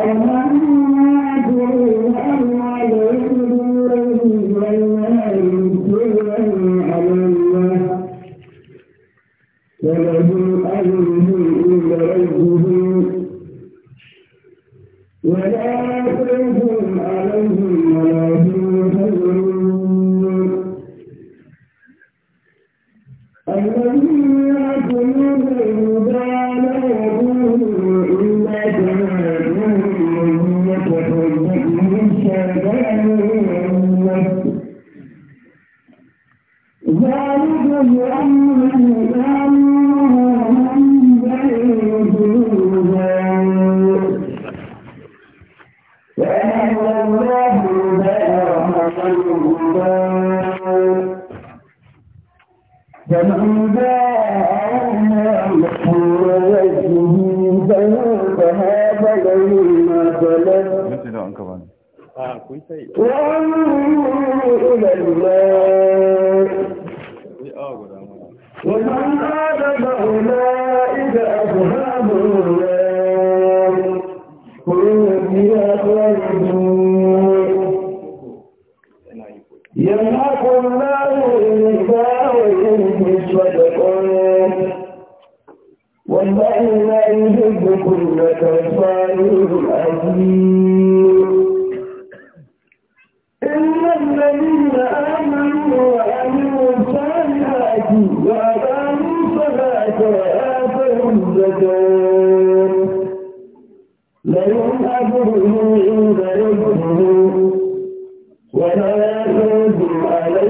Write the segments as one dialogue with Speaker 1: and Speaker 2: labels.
Speaker 1: ولهم أجر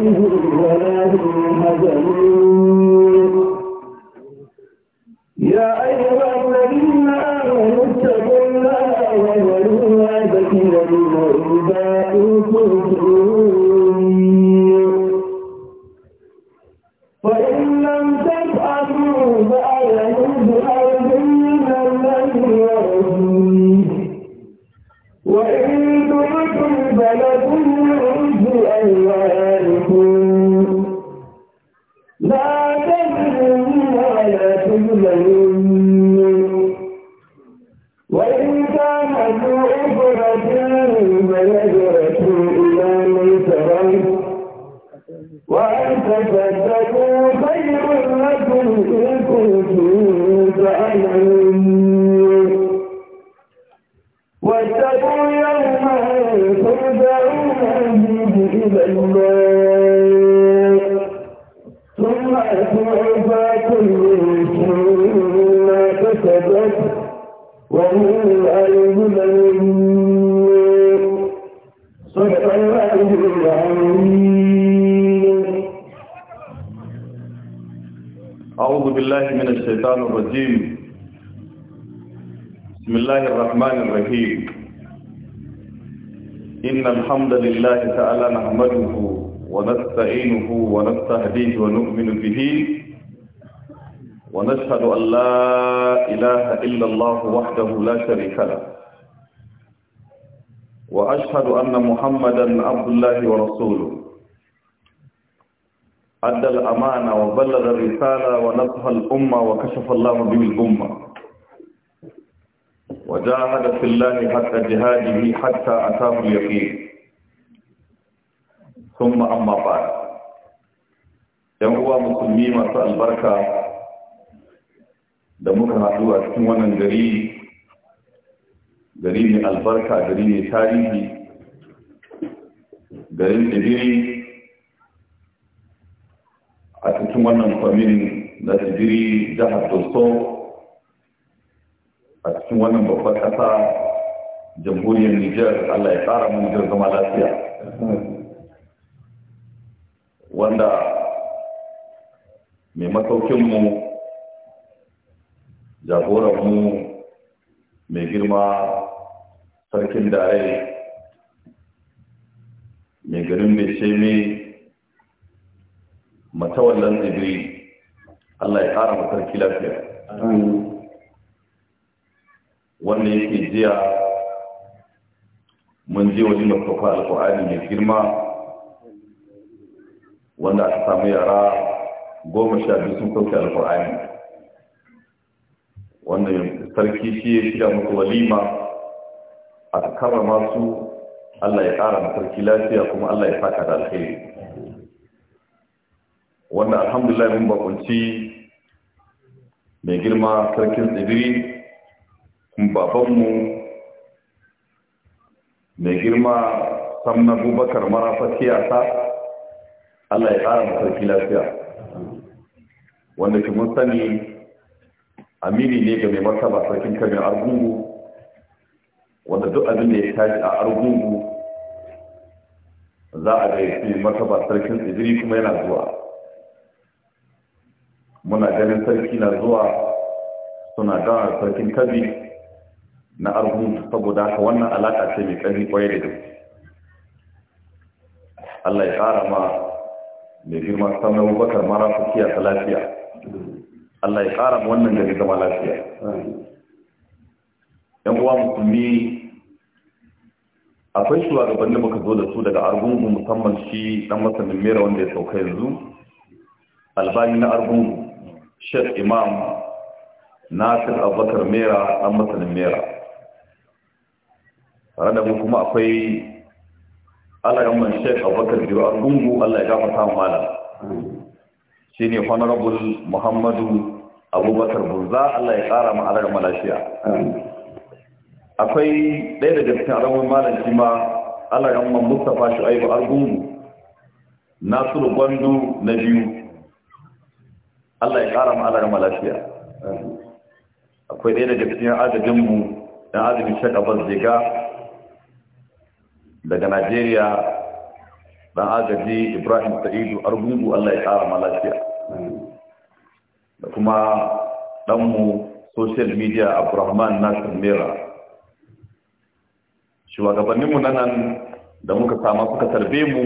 Speaker 1: عليهم ولا هم حزنون
Speaker 2: عليه ونؤمن به ونشهد أن لا إله إلا الله وحده لا شريك له وأشهد أن محمدا عبد الله ورسوله أدى الأمانة وبلغ الرسالة ونصح الأمة وكشف الله به الأمة وجاهد في الله حتى جهاده حتى أتاه اليقين ثم أما بعد yan uwa musulmi masu albarka da muka haɗu a cikin wannan gari gari ne albarka gari ne tarihi garin tsibiri a cikin wannan kwamin na tsibiri jihar doso a cikin wannan babbar ƙasa jamhuriyar nijar allah ya ƙara mu jirgin zama lafiya wanda mai jagoran mu mai girma sarkin dare mai garin mai shemi matawallan tsibiri allah ya kara matarki lafiya wannan yake jiya mun je wani mafafa alfa'ani mai girma wanda aka samu yara goma sha biyu sun sauke alkur'ani wannan sarki shi ya shiga musu walima a kama masu Allah ya ƙara sarki lafiya kuma Allah ya saka da alheri wannan alhamdulillah mun bakunci mai girma sarkin tsibiri babanmu mai girma samna bubakar marafa siyasa Allah ya ƙara sarki lafiya wanda ke mun sani amiri ne ga mai martaba sarkin kame argungu wanda duk abin da ya tashi a argungu za a ga yi martaba sarkin tsibiri kuma yana zuwa muna ganin sarki na zuwa suna gawa sarkin kabi na argungu saboda haka wannan alaƙa ce mai ƙarfi kwaye da gaske Allah ya ƙara ma mai girma samun bakar mara su lafiya Allah ya ƙara wannan gari zama lafiya yan uwa musulmi akwai shugaban muka zo da su daga argungu musamman shi dan masanin mera wanda ya sauka yanzu albani na argungu shek imam nasir abubakar mera dan masanin mera tare mu kuma akwai ya man shek abubakar biyu argungu allah ya gafa samun malam Shi ne honorable Muhammadu Abubakar bunza Allah ya ƙara ma malashiya akwai ɗaya da cikin alamun malam shi ma Allah ya umman Mustafa Shu'aibu Argungu Nasiru Gwandu na biyu Allah ya ƙara ma malashiya akwai ɗaya da cikin adadin mu adadin shakabar ziga daga Najeriya dan agaji ibrahim sa'idu argungu allah ya ƙara ma lafiya da kuma ɗanmu social media abrahman nasir mera shugabanninmu na nan da muka sama suka tarbe mu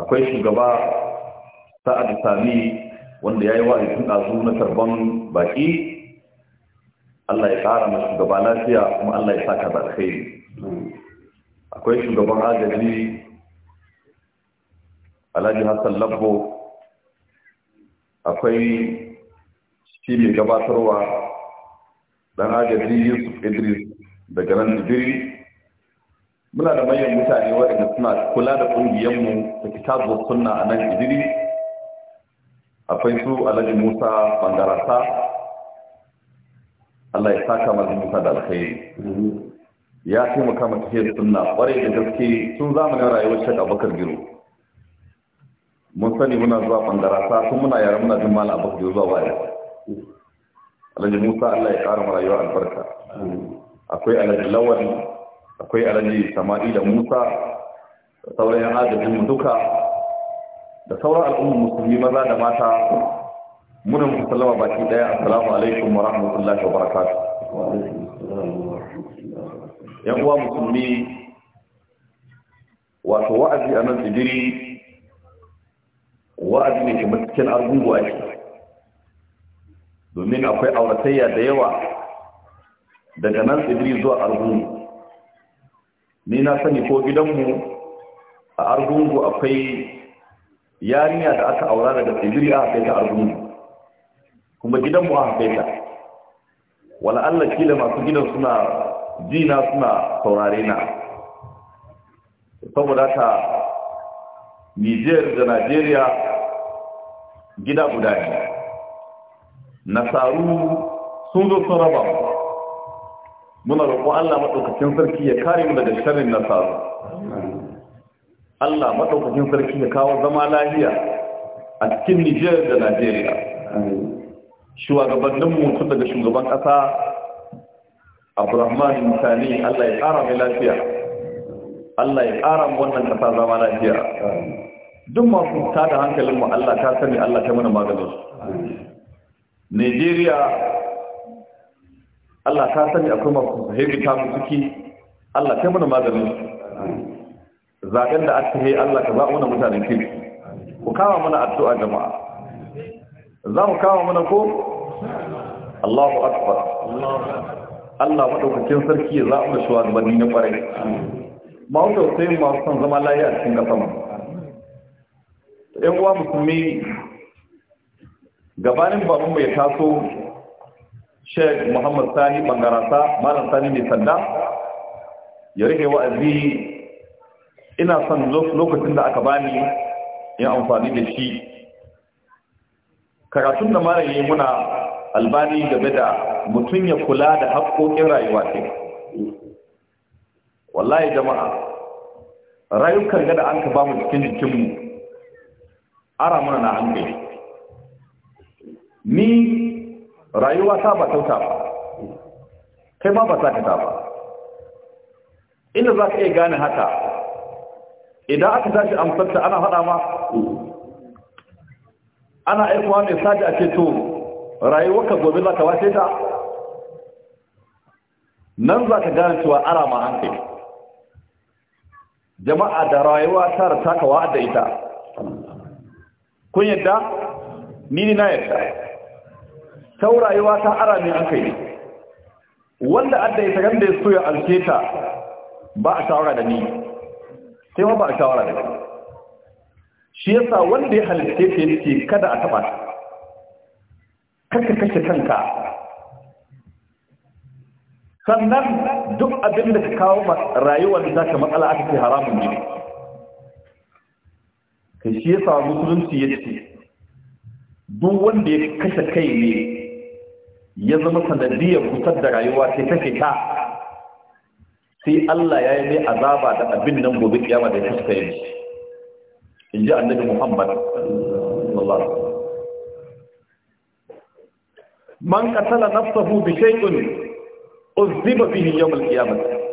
Speaker 2: akwai shugaba sa'ad sami wanda ya yi wa tun ɗazu na tarban baƙi allah ya ƙara ma shugaba lafiya kuma allah ya saka da alkhairi akwai shugaban agaji alhaji hassan labbo akwai shi mai gabatarwa dan agaji yusuf idris daga nan digiri muna da manyan mutane waɗanda suna kula da ƙungiyarmu ta kitabu sunna a nan digiri akwai su alhaji musa bangarasa allah ya saka masu musa da alkhairi ya taimaka mata hiyar sunna ƙwarai da gaske sun zamanin rayuwar shaƙa Bakar giro mun sani muna zuwa sa sun muna yara muna jin mala abu da zuwa waya alhaji musa allah ya kara mara yawa albarka akwai alhaji lawan akwai alhaji sama'i da musa da sauran yan adadin mu duka da sauran al'ummar musulmi maza da mata muna musallama baki daya assalamu alaikum wa rahmatullahi wa barakatuh
Speaker 1: yan uwa musulmi
Speaker 2: wato wa'azi a nan tsibiri wa'azi ne mai matakin argungu a domin akwai auratayya da yawa daga nan tsibiri zuwa argungu ni na sani ko gidanmu a argungu akwai yarinya da aka aura daga tsibiri a kai ta argungu kuma gidanmu a kai ta wala Allah kila masu gidan suna jina suna saurare na saboda ta Niger da Najeriya gida guda ne nasaru sun zo sun raba muna roƙo Allah maɗaukacin sarki ya kare mu daga sharrin nasaru Allah maɗaukacin sarki ya kawo zama lahiya a cikin Nijar da Najeriya shugabannin mutu daga shugaban ƙasa Abdurrahman Musani Allah ya ƙara mai lafiya Allah ya ƙara wannan ƙasa zama lafiya duk masu tada hankalin mu Allah ta sani Allah ta mana maganin su Nigeria Allah ta sani akwai masu hebi ta mu ciki Allah ta mana maganin su Zaɓen da aka yi Allah ka zaɓo na mutanen kirki ku kama mana addu'a jama'a za mu kama mana ko Allahu akbar Allah madaukakin sarki ya zaɓo shugabanni na ƙwarai ma wanda sai masu son zama lafiya cikin ƙasar mu Yan uwa musulmi gabanin babu mai taso sheikh muhammad sani bangarasa malam sani mai sanda ya rike wa'azi ina son lokacin da aka bani ya amfani da shi karatun da malam yi muna albani game da mutum ya kula da haƙoƙin rayuwa ce wallahi jama'a rayukan gada an ka ba mu cikin jikinmu ara mana na hankali ni rayuwa ta ba tauta ba kai ma ba ta ka ta ba inda za ka iya gane haka idan aka tashi amsarta ana haɗa ma ana aikowa mai saji a ce to ka gobe za ka wace ta nan za ka gane cewa ara ma hankali jama'a da rayuwa ta da takawa da ita kun yadda ni ne na yadda taurayewa ta ara ne an kai wanda adda ya tagan da ya so ya alke ta ba a shawara da ni sai ma ba a shawara da ni shi yasa wanda ya halitta ta yake kada a taba ka kashe kanka sannan duk abin da ka kawo rayuwar da ta matsala aka ce haramun ne kai shi samu musulunci ya ce duk wanda ya kashe kai ne ya zama sanadiyar kusar da rayuwa sai kashe ta. sai Allah ya yi mai azaba da abin nan gobe kiyama da ya kashe kai ne in ji annabi Muhammad sallallahu alaihi man qatala nafsahu bi shay'in uzziba bihi yawm al-qiyamah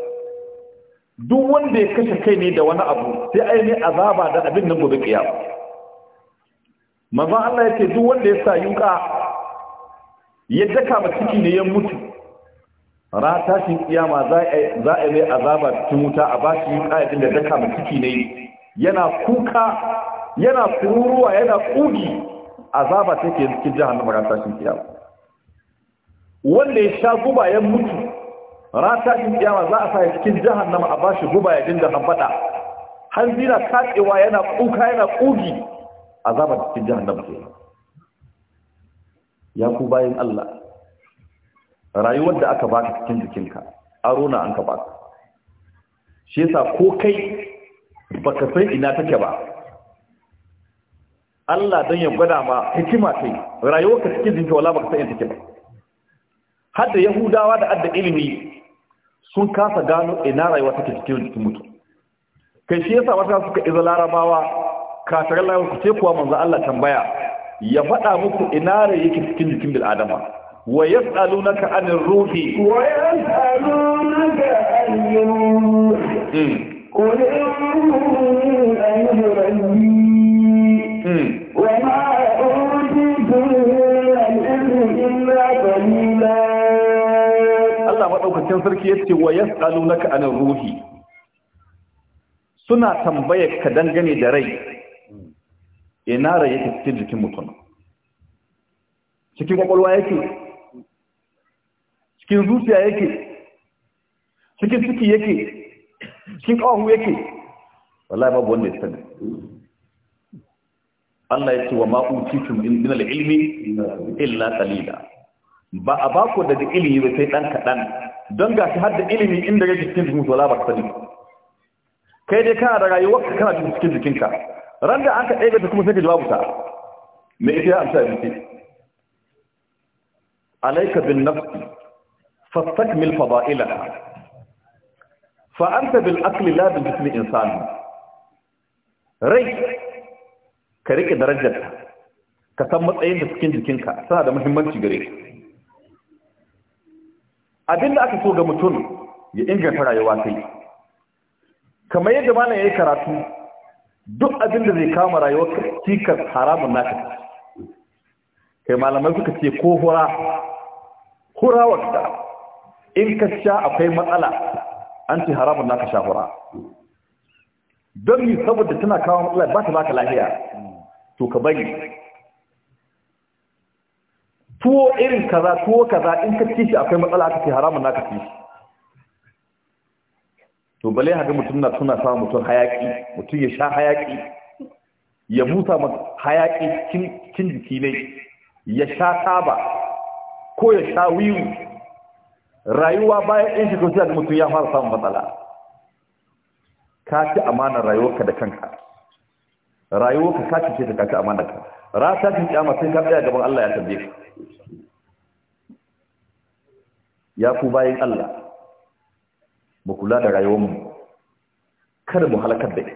Speaker 2: duk wanda ya kashe kai ne da wani abu sai aini azaba da abin nan gobe kiyama Maza Allah ce duk wanda ya sa yuka ya daka ma ciki ne ya mutu rata shi kiyama za a yi a mai azaba cikin wuta a bashi yuka ya dinda daka ma ciki ne yana kuka yana kururuwa yana ƙugi. azaba take cikin na ran tashin kiyama wanda ya sha guba ya mutu rata in kiyama za a sa cikin jahannama a bashi guba ya dinga hambata hanzi na katsewa yana kuka yana kugi azaba cikin jahannama ke ya ku bayan Allah rayuwar da aka baka cikin jikinka aro na an ka baka shi yasa ko kai baka san ina take ba Allah dan ya gwada ma hikima kai rayuwarka cikin jikinka wala baka san ina take ba hadda yahudawa da adda ilimi sun kasa gano ina rayuwa take cikin jikin mutum kai shi yasa wata suka iza larabawa kafirin larabawa ku ce kuwa manzo Allah tambaya ya faɗa muku ina rayuwa yake cikin jikin bil adama wa yas'alunaka anir ruhi wa
Speaker 1: yas'alunaka anir ruhi hmm.
Speaker 2: madaukakin sarki ya ce wa na ka'anin ruhi suna tambayar ka dangane da rai ina rai yake cikin jikin mutum cikin kwakwalwa yake cikin zuciya yake cikin ciki yake cikin ƙawahu yake wallahi babu wanda ya sani Allah ya ce wa ma'utitum min al-ilmi illa qalila ba a ba ku daga ilimi ba sai ɗan kaɗan don gashi har da ilimi inda yake cikin jikin su labar sani kai dai kana da rayuwar ka kana cikin jikinka ran da an ka ɗaya ta kuma sai ka jawabu ta me ita ya amsa abinci alaika bin nafsi fastakmil mil fa anta bil akli la bil jismi insani rai ka rike darajarta ka san matsayin da cikin jikinka suna da muhimmanci gare ka abin da aka so ga mutum ya inganta rayuwa sai kamar yadda ya yi karatu duk abinda zai kama rayuwar cikas haramun naka kai malamai suka ce ko hura hura wadda in ka sha akwai matsala an ce haramun naka sha hura don yi saboda tana kawo matsala ba ta baka lahiya to ka bari tuwo irin kaza tuwo kaza in ka ci shi akwai matsala aka ce haramun naka ci shi to bale haga mutum na suna samun mutum hayaki mutum ya sha hayaki ya busa hayaki cin jiki ne ya sha taba ko ya sha wiwu rayuwa bayan ɗin shi sai da mutum ya fara samun matsala ka ci amanar rayuwarka da kanka rayuwarka ka cike ta kaci amana ka ra ta cin kiyama sai ka tsaya gaban Allah ya tambaye ka ya ku bayin Allah ba kula da rayuwarmu kada mu halakar da ita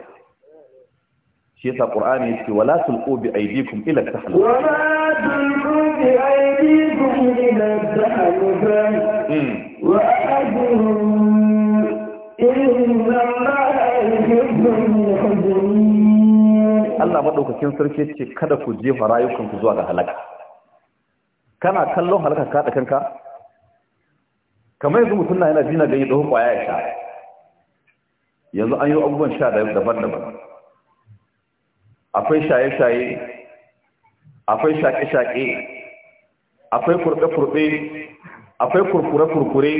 Speaker 2: shi yasa qur'ani yake wala tulqu bi aydikum ila tahlu
Speaker 1: wala tulqu bi aydikum ila tahlu hmm. wa ajrum inna allaha yuhibbul muhsinin
Speaker 2: Allah maɗaukakin sarki ce kada ku jefa rayukanku zuwa ga halaka kana kallon halaka ka da kanka kamar yanzu mutum na yana jina ganye ɗauko ƙwaya ya sha yanzu an yi abubuwan sha daban-daban akwai shaye-shaye akwai shaƙe-shaƙe akwai kurɗe-kurɗe akwai kurkure-kurkure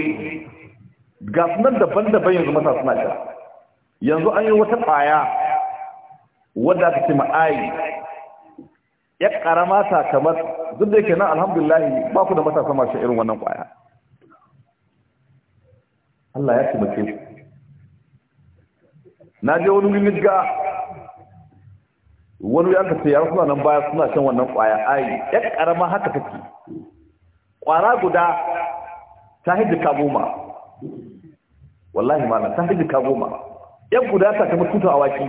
Speaker 2: gasunan daban-daban yanzu mata suna sha yanzu an yi wata ƙwaya wanda aka ce ma'ayi ya karama ta kamar duk da yake nan alhamdulillah ba ku da matasa masu irin wannan kwaya Allah ya taimake na je wani mimiga wani ya ka ce ya suna nan baya suna shan wannan kwaya ayi ya karama haka take kwara guda ta ka goma wallahi ma'ana ta ka goma ya guda ta kamar tutu waki.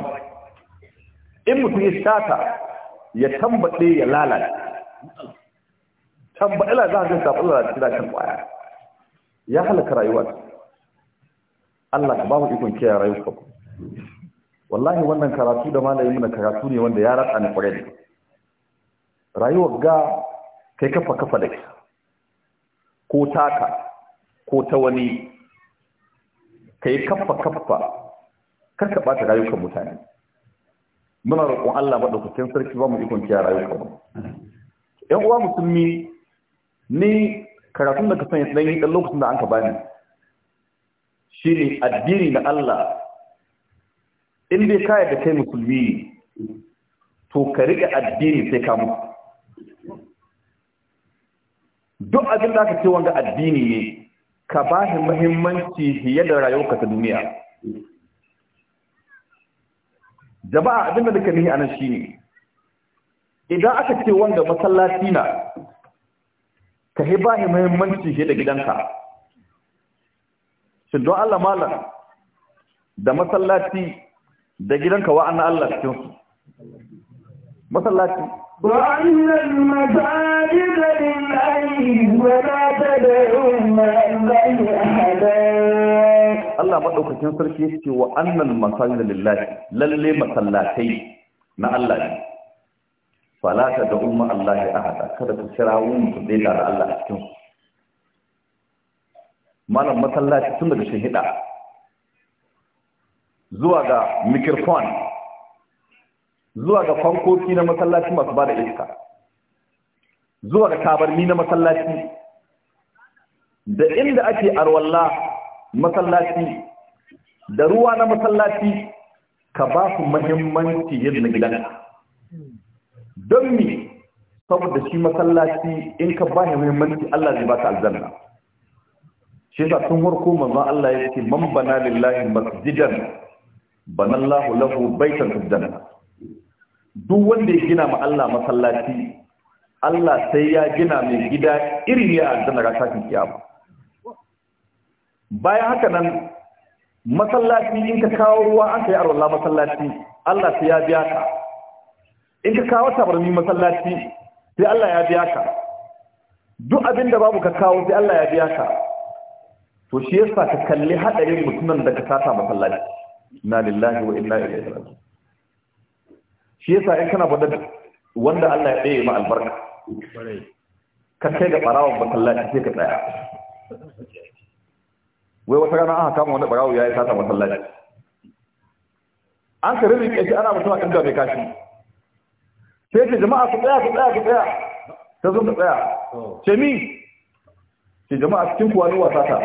Speaker 2: in mutum ya shata ya tambaɗe ya lalata la za a jinsa lalace da cikin ƙwaya ya halaka rayuwa Allah ka ba mu ikon kiyaye rayuwa wallahi wannan karatu da malayi muna karatu ne wanda ya ratsa ni ƙwarai rayuwar ga kai kafa kafa da ko taka ko ta wani kai kafa kafa karka ɓata rayukan mutane muna roƙon Allah maɗaukakin sarki ba mu ikon rayuka ba. Yan uwa musulmi ni karatun da ka sanya ɗan yi ɗan lokacin da an ka bani shi ne addini na Allah in dai ka da kai musulmi to ka riƙe addini sai ka mutu duk abin da aka ce wanga addini ne ka ba shi muhimmanci fiye da rayuwarka ta duniya jama'a abinda da kanihi anan ne, idan aka ce wanda masallaci na ka yi ba hi muhimmanci shi da gidanka shi don Allah malam da masallaci da gidanka wa annan Allah cikin su masallaci
Speaker 1: da المساجد لله da yi مع الله
Speaker 2: hada. Allah madaukakin sarki ce wa annal masajid lillahi lalle masallatai na Allah ne fala ta da umma Allah ya ahada kada ku kira wani ku dai da Allah a cikin malam masallaci tun daga hida zuwa ga microphone zuwa ga fankoki na masallaci masu ba da iska zuwa ga tabarni na masallaci da inda ake arwalla masallaci da ruwa na masallaci ka ba su mahimmanci yadda gidan. don mi saboda shi masallaci in ka ba shi muhimmanci Allah zai baka aljanna shi yasa tun farko manzo Allah ya ce man bana lillahi masjidan bana Allahu lahu baitan duk wanda ya gina ma Allah masallaci Allah sai ya gina mai gida irin ya aljanna ga sakin kiyama bayan haka nan masallaci in ka kawo ruwa an ka yi arwallah masallaci Allah sai ya biya ka in ka kawo tabarmi masallaci sai Allah ya biya ka duk abin da babu ka kawo sai Allah ya biya ka to shi yasa ka kalli hadarin mutumin da ka sata masallaci na lillahi wa inna ilaihi raji'un shi yasa in kana fadar wanda Allah ya tsaye ma albarka ka kai ga barawon masallaci sai ka
Speaker 1: tsaya
Speaker 2: wai wata rana aka kama wani barawo ya yi sata masallaci an ka rirri ke ana mutum a ɗin mai kashi sai ce jama'a su tsaya su tsaya su tsaya ta zo ta tsaya ce mi ce jama'a cikin kuwa ni wasa ta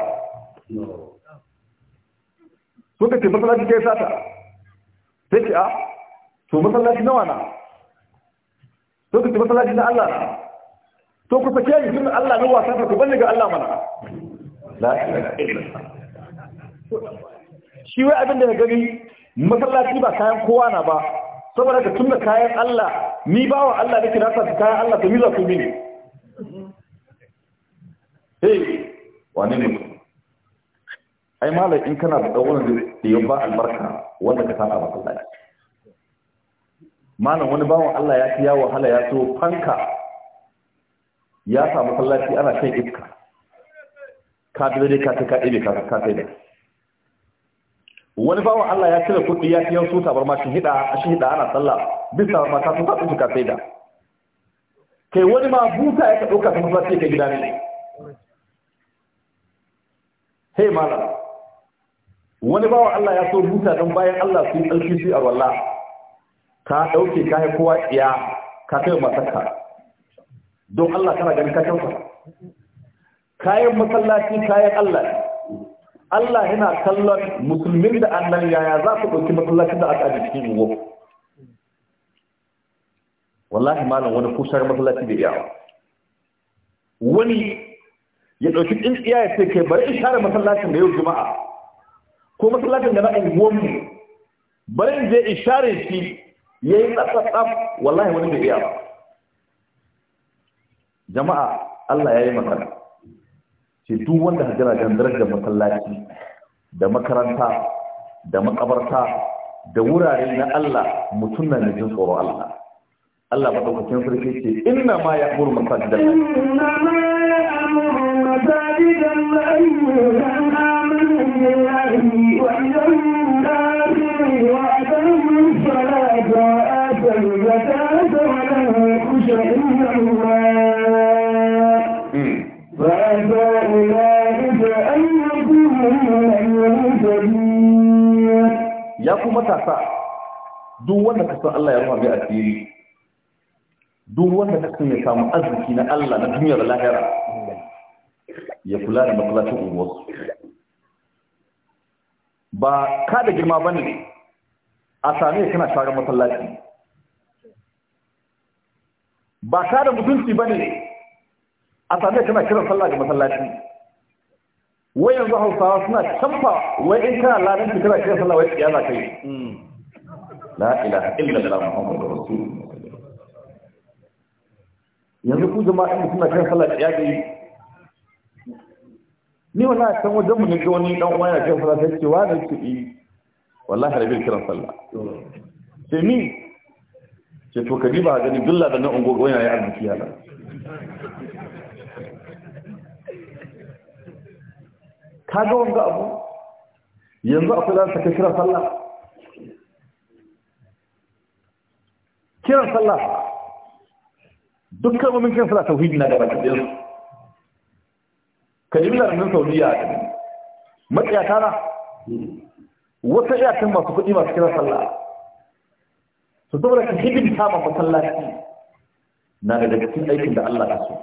Speaker 2: so ka ce masallaci kai sata sai ce a to masallaci nawa na su ka ce masallaci na Allah na, to ku ke ni tun Allah ne wasa ta ku ban ga Allah mana la shi wai abin da na gani masallaci ba kayan kowa na ba saboda ka da kayan Allah ni bawa Allah nake nasa su kayan Allah to yi zafi mini eh wane ne ai malai in kana da dawon da ya ba albarka wanda ka sana masallaci malam wani bawan Allah ya fi yawon hala ya so fanka ya samu masallaci ana shan iska ka bi dai ka ka ɗebe ka ka sai da wani bawan Allah ya cire kuɗi ya fiyan su tabar ma shin hida a shin ana sallah bisa ma ka su ka su sai da kai wani ma buta ya ka ɗauka ta masallaci ka gida ne hey mala wani bawan Allah ya so buta don bayan Allah su yi tsarki su a walla ka ɗauke ka kowa iya ka kai matakka don Allah kana ganin ka kyauta kayan masallaci kayan Allah Allah yana kallon musulmin da annan yaya za su ɗauki masallacin da aka ajiye cikin ruwa wallahi malam wani kusar masallaci da yawa wani ya ɗauki tsintsiya ya ce kai bari in share masallacin da yau juma'a ko masallacin da na unguwanmu bari in je in share shi ya yi tsatsatsaf wallahi wani da yawa jama'a Allah ya yi magana sai duk wanda ka gana jan darajar masallaci da makaranta da makabarta da wurare na Allah mutum na jin tsoro Allah Allah madaukakin sarki ce inna ma ya amuru masajid Allah
Speaker 1: inna ma ya amuru masajid Allah ayyuhan amanu billahi wa yawmil akhir wa aqamu salata wa atu zakata wa la yushriku billahi ya kuma matasa
Speaker 2: duk wanda ka san Allah ya ruwa mai asiri duk wanda san ya samu arziki na Allah na duniya da lahira
Speaker 1: ya kula da matsalacin
Speaker 2: unguwarsu ba ka da girma ba ne a ya kana shagar matsalaci ba ka da mutunci ba ne a ya kana kiran sallah da matsalaci wai yanzu hausawa suna canfa wai in kana ladin ki kana kira sallah wai tsiya za ka
Speaker 1: yi
Speaker 2: la ilaha illallah muhammadu rasulullah yanzu ku jama'a in suna kira sallah tsiya ga yi ni a san wajen mu ne ga wani dan uwa ya kira sallah sai ce wa ne ki yi wallahi da bai kira sallah sai ni ce to ka diba gani billa da na ungo wani ya yi arziki ya kaga ga abu yanzu akwai za ta kai kiran sallah kiran sallah dukkan mamin kiran sallah tauhidi na da baki ɗin ka yi laramin saudiya a ɗin matsayata na wata iyakan masu kuɗi masu kiran sallah su saboda ka hidin ma masallaci na da daga cikin aikin da Allah ka so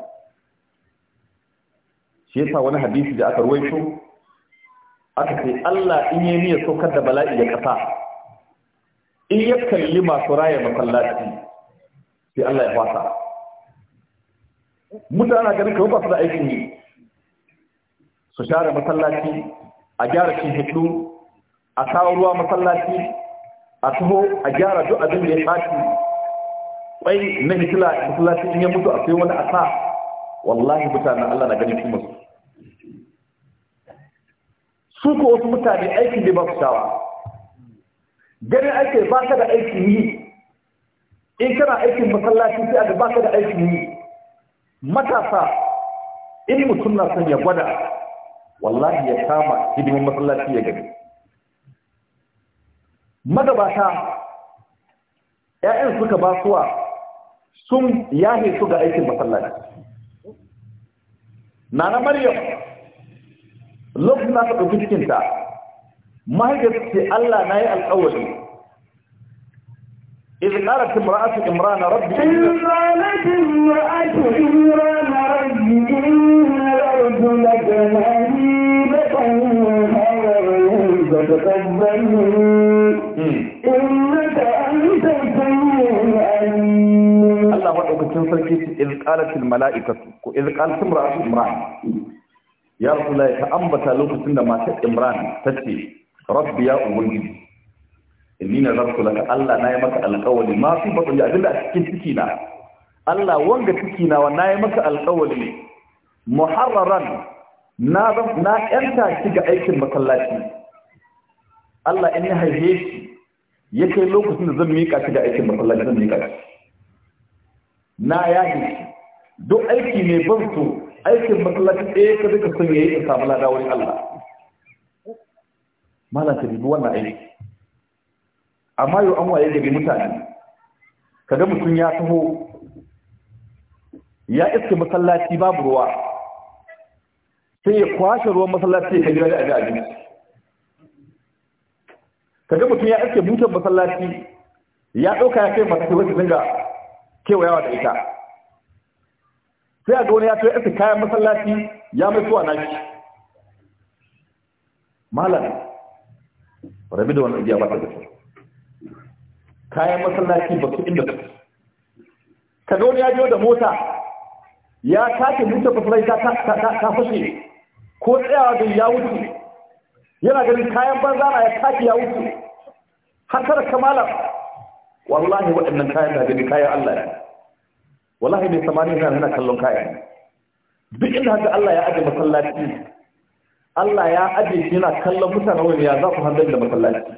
Speaker 2: shi yasa wani hadisi da aka ruwaito aka ce Allah in yi niyyar saukar da bala'i ya kasa in ya kalli masu raya masallaci sai Allah ya fasa mutane ganin kamar ba su da aikin yi su share masallaci a gyara shehudu a kawo ruwa masallaci a taho a gyara duk abin da ya tsaki ƙwai na hitila masallaci in ya mutu a sai wani a sa wallahi mutane Allah na ganin kuma su su ko wasu mutane aikin da ba su shawa ganin aikin ba ka da aikin yi in kana aikin masallaci sai a ba ka da aikin yi matasa in mutum na son ya gwada wallahi ya kama hidimin masallaci ya gani magabata ‘ya'yan suka basuwa sun yahe su ga aikin masallaci na na maryam lokacin da ما ɗauki cikinta mahaifiyar ce Allah na yi alƙawari إذا قالت امرأة عمران ربي إذ
Speaker 1: قالت امرأة إمران ربي إن الأرض لك مهيبة فتقبلني إنك أنت السميع العليم الله وحده كتن سلكي إذ قالت
Speaker 2: الملائكة إذ قالت امرأة إمران ya rasulullahi ya ta'ambata lokacin da matar imran ta ce rabbi ya ubangiji inni na zartu laka Allah na yi maka alƙawali ma fi bakwai abin da a cikin ciki na Allah wanga ciki na wa na yi maka alƙawali muharraran na na yanta shi ga aikin masallaci Allah in ya haife shi ya kai lokacin da zan miƙa shi ga aikin masallaci zan miƙa shi na yaki duk aiki ne ban so aikin masallaci ɗaya ka duka ya yayi ka samu lada wurin Allah Mala ta bibi wannan aiki amma yau an waye gari mutane Ka ga mutum ya taho ya iske masallaci babu ruwa sai ya kwashe ruwan masallaci ya aji a Ka ga mutum ya iske mutan masallaci ya ɗauka ya kai masu wasu dinga kewayawa da ita sai a ga wani ya ce ya kayan masallaci ya mai suwa na shi malam rabi da wani ba ta gaske kayan masallaci ba su inda ka ga wani ya biyo da mota ya kake mutu fasalai ta fashe ko tsayawa da ya wuce yana ganin kayan banza na ya kake ya wuce hatar kamala wallahi waɗannan kayan da gani kayan Allah ya wallahi mai samani na yana kallon kaya duk inda haka Allah ya aje masallaci Allah ya aje shi yana kallon mutane wani ya za ku handle da masallaci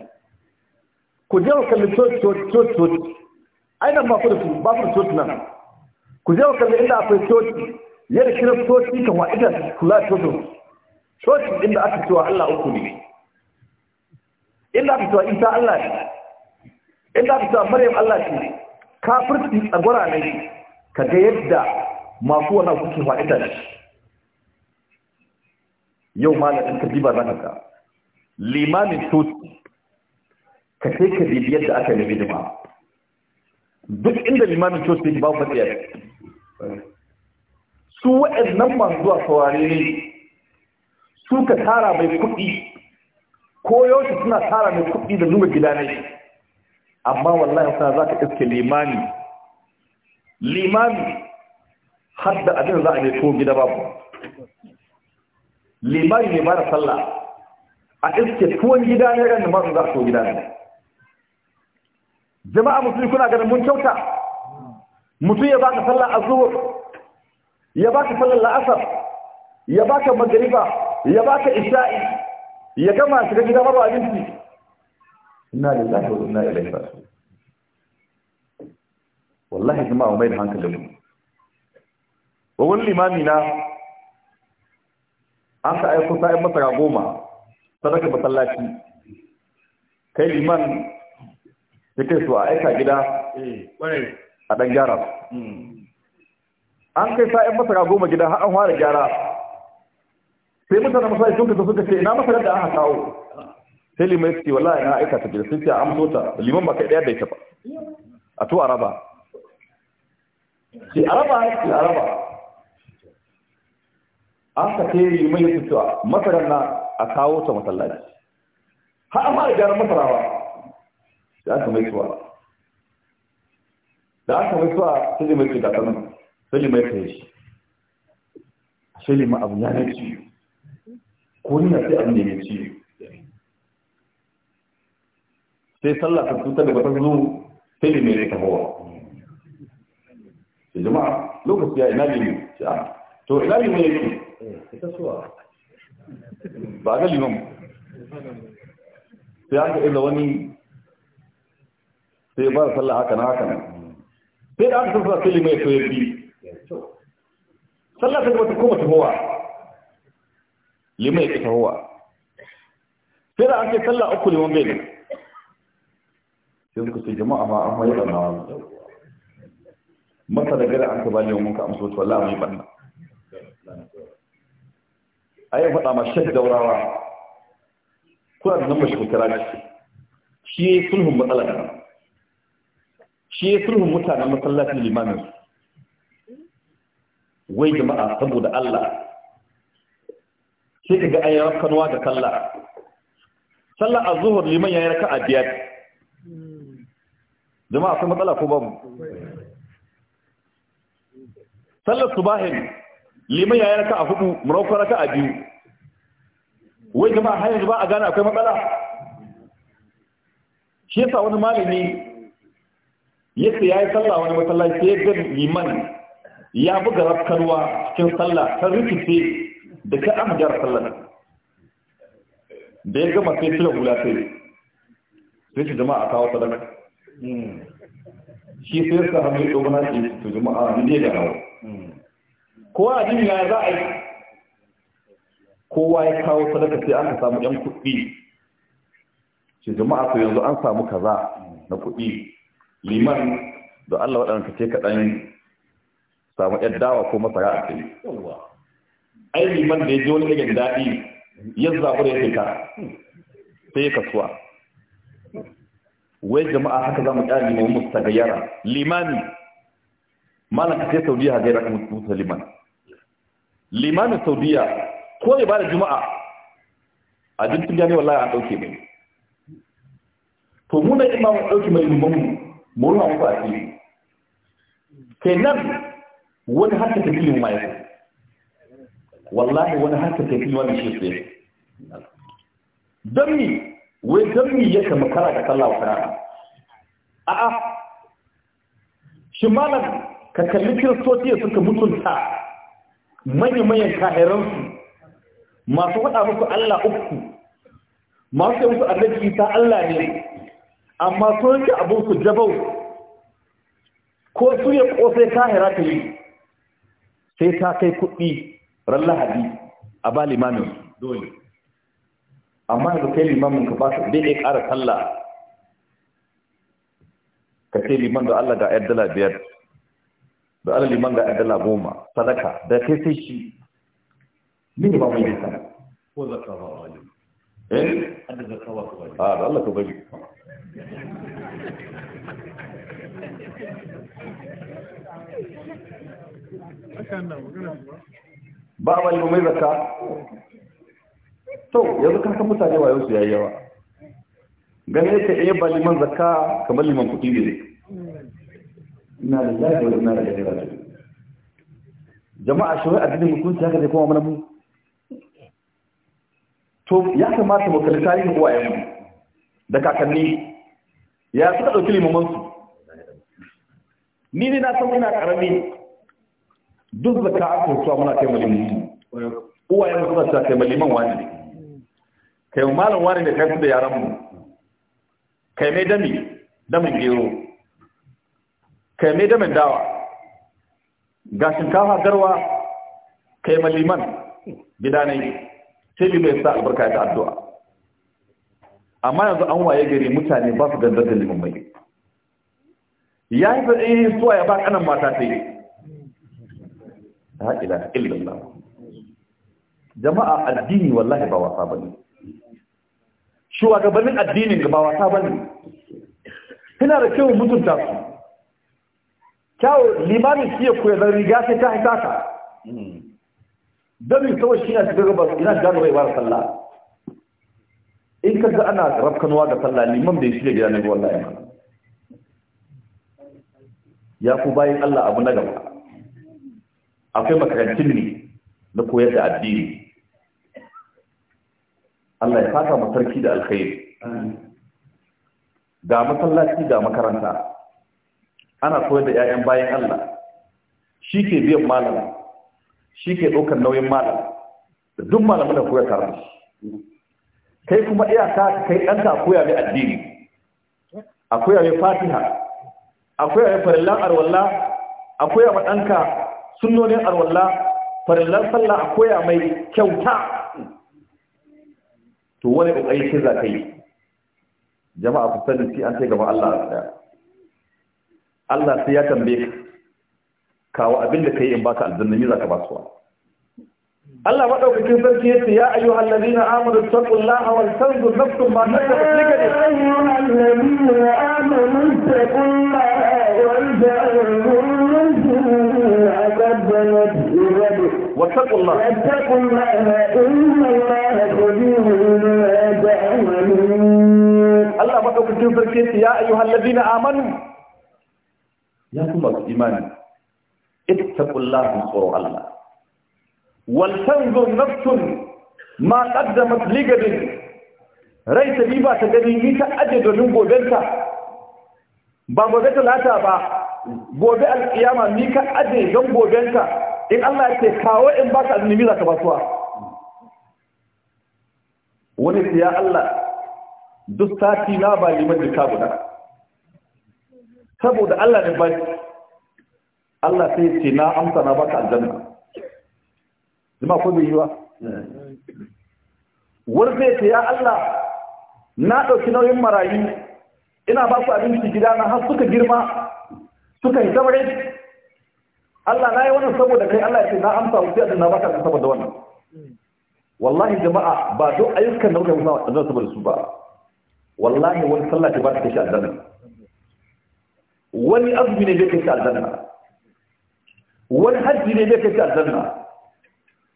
Speaker 2: ku je wa kalli coci coci church ai nan ba ku da su ba ku church nan ku je wa kalli inda akwai da yadda coci kan wa idan kula church coci inda aka cewa Allah uku ne inda aka cewa Isa Allah ne inda aka cewa Maryam Allah ce kafirci gwara ne ka ga yadda masu wannan kuke faɗi ta yau na ka diba za ka ga limamin tutu ka kai ka bibi yadda aka yi hidima duk inda limamin coci yake babu matsayar su nan masu zuwa saurare ne su ka tara mai kuɗi ko yaushe suna tara mai kuɗi da zuwa gida ne amma wallahi suna za ka iske limani limami hadda abin za a ne tuwo gida babu limami ne mara sallah a iske tuwon gida ne ran da masu za a gida ne jama'a musulmi kuna ganin mun kyauta mutum ya baka sallah azhur ya baka sallah la'asar ya baka magriba ya baka isha'i ya gama shiga gida babu abinci inna lillahi wa inna ilaihi raji'un wallahi a mai da hankalin wa wani limami na an ta aiko sa'in masara goma sadaka masallaci kai liman ya kai su a aika gida
Speaker 1: eh, a ɗan gyara
Speaker 2: an kai sa'in masara goma gida har an fara gyara sai mutane masai sun kasa suka ce ina masarar da aka kawo sai liman ya ce wallahi na aika ta gida sai ce an so liman ba kai ɗaya da ita ba a to a raba
Speaker 1: Si a raba ya ce a raba
Speaker 2: an ka yi mai yake cewa masarar na a kawo ta masallaci har amma da gyaran masarawa da aka mai suwa da aka mai suwa sai mai ce gasa nan sai mai kai shi sai ma abu ya ne ciwo ko ni na sai abu ne mai ciwo sai sallah ta tuta da ba zuwa, sai sai mai ne ta hawa da jama'a lokaci ya ina limu ce a to ina limu yake yi eh, ba ga liman sai aka ila wani sai ba da sallah haka na haka nan sai da aka sassa sai liman ya ya bi sallah ta wata kuma tahowa liman ya ƙi tahowa sai da aka yi sallah uku liman bai ne sai suka ce jama'a ma an mai ɗanawa masa da gari an ka bani mun ka amso to wallahi mai banna ayi faɗa ma shek daurawa kuna da nan shi kira shi yi sulhun matsalar shi ya sulhun mutanen masallacin limamin wai jama'a saboda Allah sai kaga ga an yi da sallah sallah a zuhur liman ya yi raka a biyar jama'a sun matsala ko babu sallar subahin liman ya raka a hudu muraukar raka a biyu wai jama'a har yanzu ba a gane akwai matsala shi yasa wani malami yasa ya yi sallah wani masallaci ya ga liman ya buga rafkarwa cikin sallah ta rikice da ka amma gyara sallar. da ya gama sai cire hula sai sai shi jama'a kawo sadaka hmm. shi sai sa hannu ya ɗogo na ce jama'a ne da hawa kowa a jini za a yi kowa ya kawo sadaka sai an ka samu yan kuɗi shi jama'a su yanzu an samu kaza na kuɗi liman da Allah waɗanda ce kaɗan samu ‘yar dawa ko masara a kai ai liman da ya ji wani ɗagen daɗi ya zaɓi da ya fita sai ya kasuwa wai jama'a haka za mu ƙyar liman musta gayyara limani malam ka sai saudiya gayyara kan musta liman limamin saudiya ko ya bada juma'a a jirgin gani wallahi an dauke mai to muna imam dauke mai liman mu ruwa ku a fili kai nan wani harka ta tafi mai wallahi wani harka ta fili wani shi sai dami wai dami ya kama kara da sallah wa a a shi malam ka kalli kiristoci suka mutunta manya-manyan kahiransu masu faɗa muku Allah uku masu yi musu annabi ta Allah ne amma sun rike abin su jabau ko su ya ƙosai kahira ta yi sai ta kai kuɗi ran lahadi a ba limamin dole amma yanzu kai limamin ka ba su dai ɗai ƙara talla, ka ce liman da Allah ga 'yar dala biyar da ala liman ga adala goma sadaka da kai sai shi min ba mai bisa ko zakka ba wani eh adda zakka ba ba ah, a Allah ka bari ba wani mai zakka to yanzu kan san mutane wayo su yayi yawa gane ta eh ba liman zakka kamar liman kudi ne ina da zai da ina da gaba jama'a shi addinin mutunci haka zai kuma mana mu to ya kamata mu kalli tarihin uwayenmu da kakanni ya suka ɗauki limamansu ni ne na san ina ƙarami duk da ka aka hutuwa muna kai malimu uwayenmu suna ta kai maliman wani kai malam wani da kai su da yaranmu kai mai dami damin gero kai mai damin dawa ga shinkafa garwa kai maliman gidanai sai bi mai sa albarka ta addu'a amma yanzu an waye gari mutane ba su gandar da liman mai ya yi yi eh, suwa ya ba kanan mata ta yi ha ila illallah jama'a addini wallahi ba wasa bane shugabannin addinin ba wasa bane kina da kyau mutunta su kyawo limamin shi ya koya zan riga sai ta haita ka hmm. don yi kawai shi na shiga gaba ina shiga gaba ibara sallah in ka ga ana rafkanuwa ga sallah liman bai shirya gida ne ga wallahi ya ku bayan Allah abu na gaba akwai makarantun ne na koyar da addini Allah ya fata masarki sarki da alkhairi ga masallaci ga makaranta ana koyar da 'ya'yan bayan Allah shi ke biyan malam shi ke ɗaukar nauyin malam da duk malamin da koya tare kai kuma iya ta kai ɗan a koya mai addini a koya mai fatiha a koya mai farillan arwallah a koya ma ɗanka sunnonin arwallah farillan sallah a koya mai kyauta to wani ƙoƙari ce za ka yi jama'a ku sani sai an kai gaba Allah a tsaya Allah sai ya tambaye ka kawo abin da kai in baka aljanna me zaka ba su Allah madaukakin sarki yace ya ayyuhal ladina amanu taqullaha
Speaker 1: wal tanzur nafsum ma kasabat liqad ya ayyuhal ladina amanu taqullaha wal tanzur واتقوا الله واتقوا الله إن الله خبير بما
Speaker 2: تعملون الله مدوكتين فركيت يا أيها الذين آمنوا ya ku masu imani ittaqullaha tsoro Allah wal tanzur nafsun ma qaddamat ligadin rai ta ba ta gani ni ta aje domin gobenta ba gobe talata ba gobe alkiyama ni ka aje don gobenta in Allah ya ce kawo in baka annabi za ka basuwa wani ya Allah duk sati na ba liman jika guda saboda Allah ne bai Allah sai ce na amsa na baka aljanna zama ko bai yi ba wani zai ce ya Allah na ɗauki nauyin marayu ina ba su abinci gida na har suka girma suka yi zaure Allah na yi wannan saboda kai Allah ya ce na amsa wasu yadda na baka aljanna saboda wannan wallahi jama'a ba duk ayyukan da muka yi musamman saboda su ba wallahi wani sallah ce ba ta kashe aljanna wani azumi ne bai kai shi aljanna wani hajji ne bai kai shi aljanna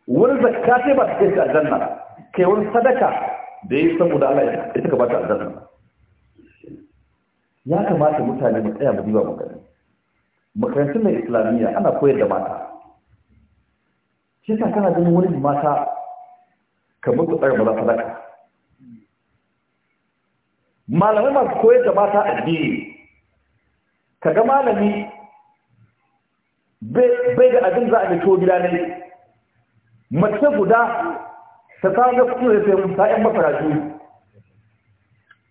Speaker 2: wani zakka sai ba ta kai shi aljanna kai wani sadaka da ya guda Allah ita ka ba ta aljanna ya kamata mutane mu tsaya mu diba mu gani makarantun na islamiyya ana koyar da mata shi yasa kana ganin wani mata kamar mutu tsara maza sadaka malamai masu koyar da mata addini kaga malami bai da abin za a tobi da nai mace guda ta samun da kuɗi da sai ta yan mafaraju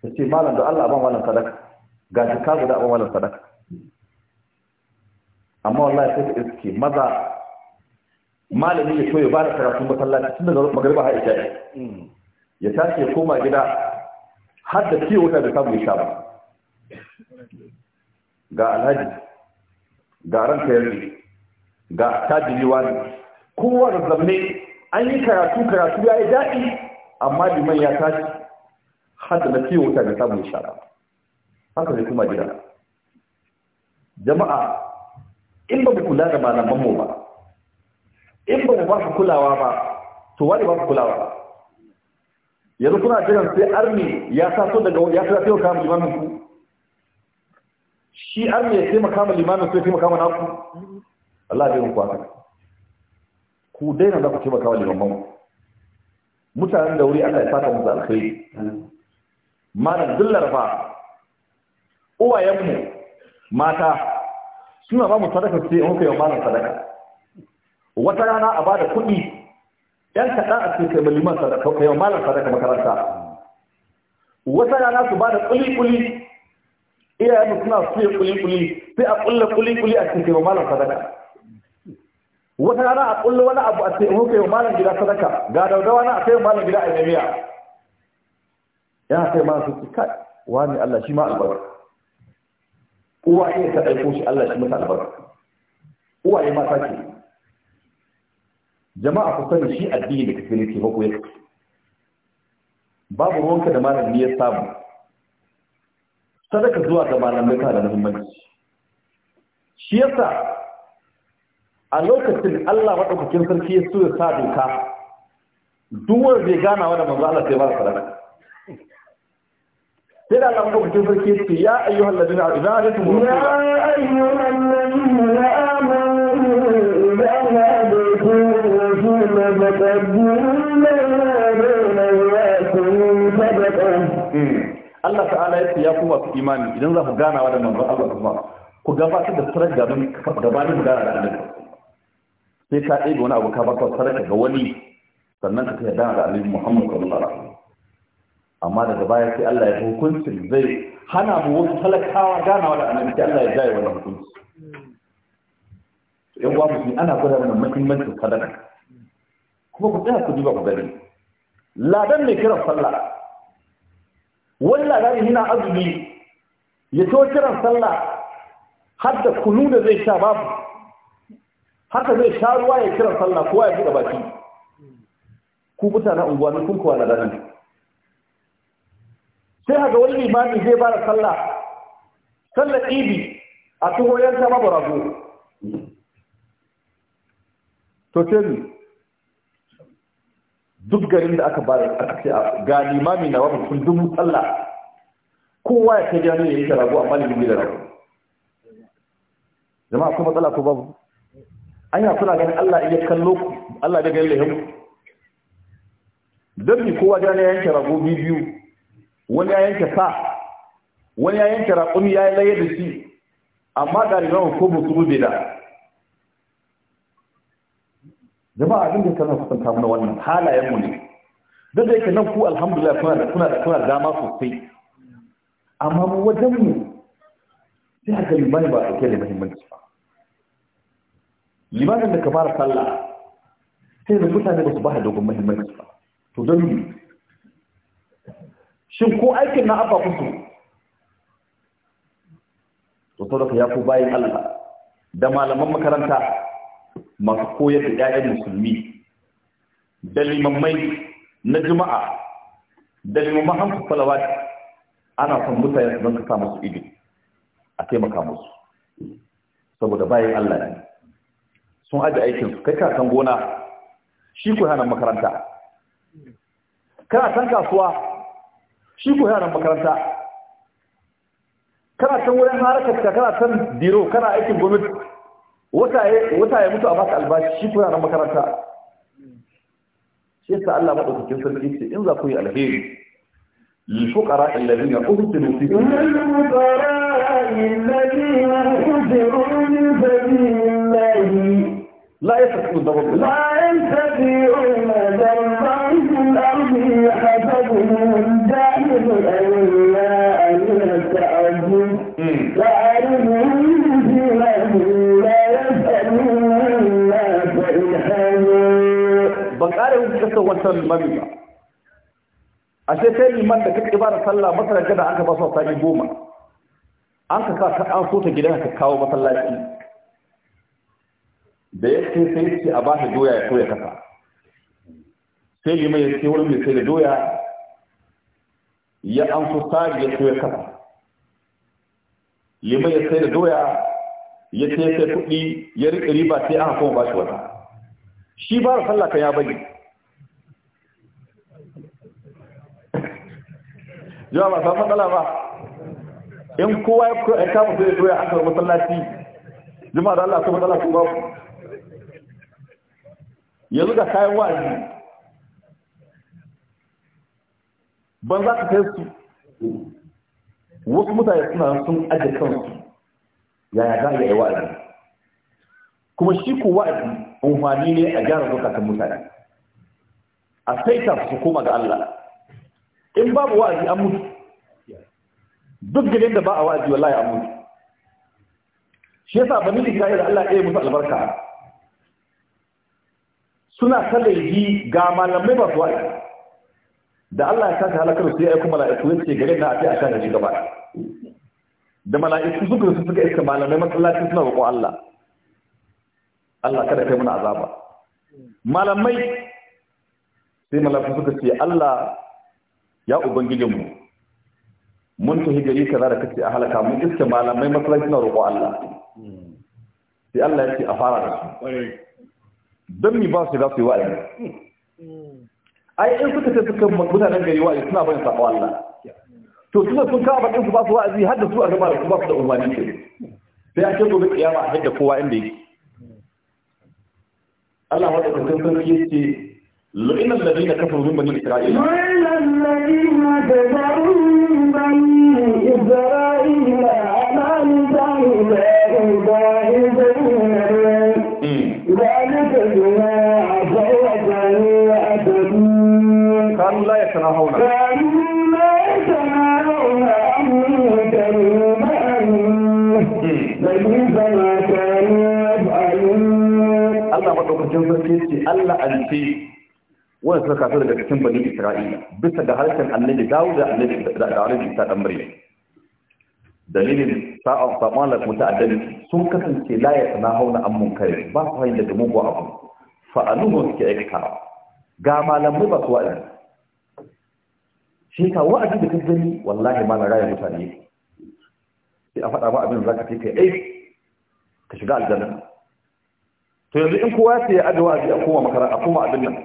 Speaker 2: ta ce malam da Allah ban wannan sadaka ga shi ka guda ban wannan sadaka amma wallahi sai ta iske maza malami ya so ba da karatun masallaci tun daga magariba har isha ya tashi ya koma gida har da ciwo wuta da samu ya sha ba ga alhaji ga Ranta yanzu ga tajiri wani kowa da zamne an yi karatu karatu ya yi daɗi amma liman ya tashi har da na fiye wuta da samun shara haka ne kuma gida jama'a in ba mu kula da malaman mu ba in ba mu ba su kulawa ba to wani ba su kulawa ba yanzu kuna jiran sai armi ya so daga ya taso kamun limamin ku shi an ne taimaka ma limamin sai taimaka naku Allah bai muku haka ku daina za ku kima ma limamin mutanen da wuri an ya saka musu alkhairi malam dillar fa uwayenmu mata suna ba mu sadaka sai an kai malam sadaka wata rana a bada kuɗi yan kaɗan a cikin kai liman sadaka kai malam sadaka makaranta wata rana su bada kuli kuli iyayen mu suna suya kulin kuli sai a kulle kulin kuli a cikin malam sadaka wata rana a kulle wani abu a cikin hukai malam gida sadaka ga daudawa na a kai malam gida a jami'a yana kai malam sun ci wa ne Allah shi ma albarka uwa iya ta ɗauko shi Allah shi mata albarka uwa ya mata ke jama'a ku sani shi addini da kafin ke bakwai babu ruwanka da malam ne ya samu sadaka zuwa ga malamai tana da muhimmanci shi yasa a lokacin Allah wa kin sarki ya ya sa doka duwar bai gana wa da manzo Allah sai ba sadaka sai da Allah kin sarki ya ya ayyuhal ladina idza ajatum ya
Speaker 1: ayyuhal ladina amanu idza ajatum rasulun faqaddimu lana bayna yadakum sadaqah
Speaker 2: Allah ta'ala ya ce ya kuma su imani idan za ku ganawa da manzon Allah kuma ku gabatar da sadaka don gabanin gana da Allah sai ka ɗebe wani abu ka baka sadaka ga wani sannan ka kai gana da annabi Muhammad sallallahu alaihi wasallam amma daga baya sai Allah ya hukunci zai hana mu wasu talakawa ganawa da annabi sai Allah ya jaye wannan hukunci yan uwa musulmi ana gwada mana muhimmancin sadaka kuma ku tsaya ku duba ku gani ladan ne kiran sallah wani yi yana azumi ya to kiran sallah har da kunu da zai sha babu haka zai sha ruwa ya kiran sallah kowa ya buɗe baki ku unguwa ne kun kowa na ranar sai haka wani limami zai fara sallah sallah ibi a tuhoyar ta babu rago to sai duk garin da aka bari aka ce ga limami na wani sun dubu tsalla kowa ya kai hannu ya yi rago a limami da rago jama'a kuma matsala ko babu an yi kuna ganin Allah iya kallo ku Allah da ganin lahimu don ni kowa gane ya yanke rago biyu wani ya yanke sa wani ya yanke raƙumi ya yi laye da shi amma ɗari nawa ko su bai da jama'a inda kana kusanta mana wannan halayenmu ne duk da yake nan ku alhamdulillah kuna da kuna da kuna da dama sosai amma mu wajen mu sai haka limani ba a kai da muhimmanci ba limanin da ka fara sallah sai da mutane ba su ba da dogon muhimmanci ba to don mu shin ko aikin na abba kusu to saboda ya fi bayan Allah da malaman makaranta masu koyar da ‘ya'yan musulmi da limammai na juma'a da limamman hamsu falawa ana son mutane su zan sa musu ido a taimaka musu saboda bayan Allah ne sun aji aikinsu kai kasan gona shi ku hana makaranta kana san kasuwa shi ku hana makaranta kana san wurin harakar kana san biro kana aikin gwamnati wata ya mutu a baka albashi shi kuna na makaranta shi yasa Allah madaukakin sarki ce in za ku yi alheri للفقراء الذين أهتنوا في
Speaker 1: للفقراء الذين أهتنوا في سبيل الله لا
Speaker 2: يستطيعون ضرب لا
Speaker 1: يستطيعون ضربا في الأرض يحسبهم الجاهل أولياء من التعبد لا
Speaker 2: wancan limami ba a sai liman da kake ba da sallah masarar da aka ba su sa'i goma an ka sa an so ta gidan ka kawo masallaci da ya ce sai ce a ba shi doya ya koya kasa sai liman ya ce wani mai sai da doya ya an so sa'i ya koya kasa liman ya sai da doya ya ce sai kuɗi ya riƙe riba sai aka kuma ba shi wata shi ba da sallah ka ya bari yawa ba samu matsala ba in kowa ya kama sai ya doya an karɓi masallaci jama'a da Allah ko matsala ko babu yanzu ga kayan wa'azi ban za ka kai su wasu mutane suna sun ajiye kansu yaya za a yi wa'azi kuma shi ku wa'azi umarni ne a gyara zukatan mutane a saita su koma ga Allah in babu wa'azi an mutu duk gidan da ba a wa'azi wallahi an mutu shi yasa bani da Allah ya yi musu albarka suna talaji ga malamai ba su wa'azi da Allah ya kasa halakar su ya aiko mala'iku ya ce garin na a ce a kan gaba da mala'iku suka su suka iska malamai masallaci suna roƙon Allah Allah kada kai muna azaba malamai sai mala'iku suka ce Allah ya ubangijinmu mun tafi gari kaza da kace a halaka mun iske malamai masallaci na roƙo Allah sai Allah ya ce a fara da su don mi ba su za su yi wa'ayi ai in suka ce suka mutanen gari wa'ayi suna bayan saƙo Allah to suna sun kawo bakin su ba su wa'azi har da su a gaba da su ba su da umarni ce sai a ce gobe kiyama a hajjar kowa inda yake Allah wadda kankan sarki ya ce lo inna alladhina kafaru min bani isra'il wa
Speaker 1: inna alladhina kafaru min bani isra'il ala lidani la ilaha illa huwa la tadina azawajani wa adabu kan la yatanahuna kan la yatanahuna amma kan ma'an bani zamakan
Speaker 2: Allah madaukakin sarki ce Allah alfi wanda suka kasu daga cikin bani isra'ila bisa ga harshen annabi dawo da annabi da annabi isa dan maryam dalilin sa'an sa'malar muta'addin sun kasance la ya sana hauna an munkari ba su hayin daga mugu abu fa'aluhu suke aikata ga malamai ba su wa'azi shi ka wa'azi da gani wallahi ma na raya mutane sai a faɗa ma abin zaka kai kai ka shiga aljanna to yanzu in kowa sai ya aje wa'azi a koma makara a koma abin nan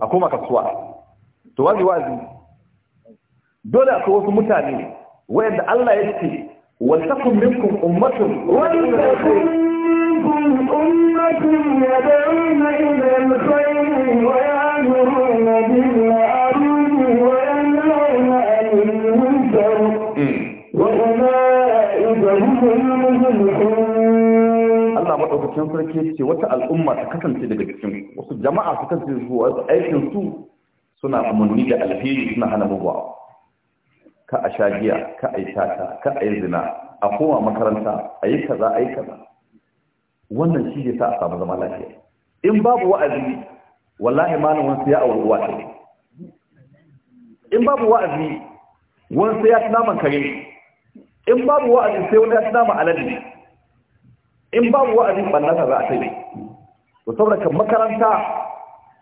Speaker 2: a koma kasuwa to wazi wazi dole akwai wasu mutane wayanda Allah ya ce wal takum minkum ummatun
Speaker 1: wal takum minkum ummatun yad'una ila al-khayr
Speaker 2: sarki ce wata al'umma ta kasance daga cikin wasu jama'a su kasance su wasu aikin su suna umarni da alheri suna hana muguwa ka a sha giya ka a yi tata, ka a yi zina a koma makaranta a yi kaza a yi kaza wannan shi ne sa a samu zama lafiya in babu wa'azi wallahi malam wani sai ya auri uwa ta in babu wa'azi wani sai ya ci kare in babu wa'azi sai wani ya ci naman alade in babu wa'azin ɓannata za a ta yi to saboda kan makaranta